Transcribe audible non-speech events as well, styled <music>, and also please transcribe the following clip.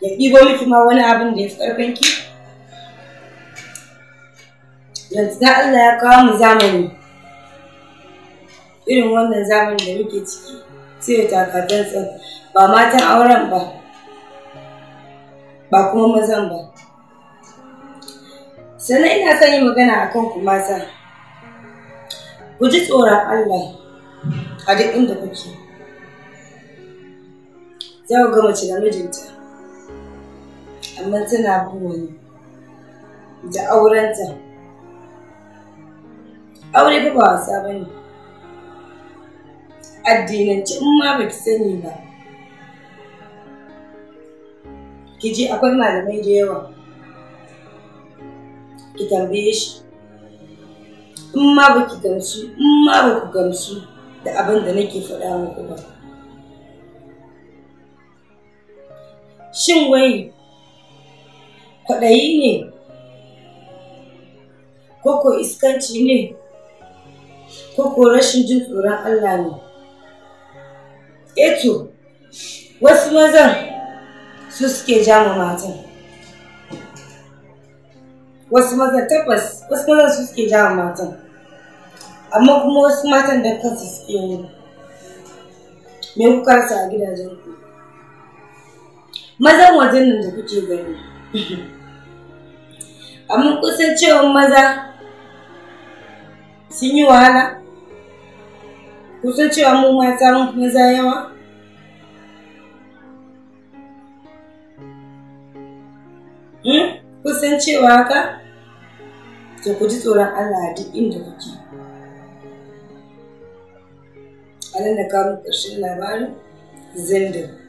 ya fi miki ma wani abin da ya fi ƙarfin ki yanzu da Allah ya kawo mu zamani irin wannan zamani da muke ciki sai taka tsan ba matan auren ba ba kuma mazan ba sannan ina son yi magana a kan ku mata ku ji tsoron Allah a duk inda kuke za ku ga mace da mijinta kamar tana bin wani da aurenta aure fa ba wasa ba ne in ma ba sani ba ki ji akwai malamai da yawa ki tambaye shi in ma baki ki gamsu in ma ba gamsu da abin da nake faɗa muku ba shin wai kwaɗayi ne koko iskanci ne koko rashin jin tsoron Allah ne eto wasu mazan su suke jama matan wasu mazan tabbas wasu mazan su suke jama matan amma kuma wasu matan da kansu suke yi me kuka rasa a gidajen ku mazan wajen nan da kuke gani <laughs> amma kusan cewa maza sun yi wahala kusan cewa mu mata maza yawa hmm? kusan cewa haka to ku tsoron Allah duk inda kuke a nan da kamun ƙarshen labarin zindin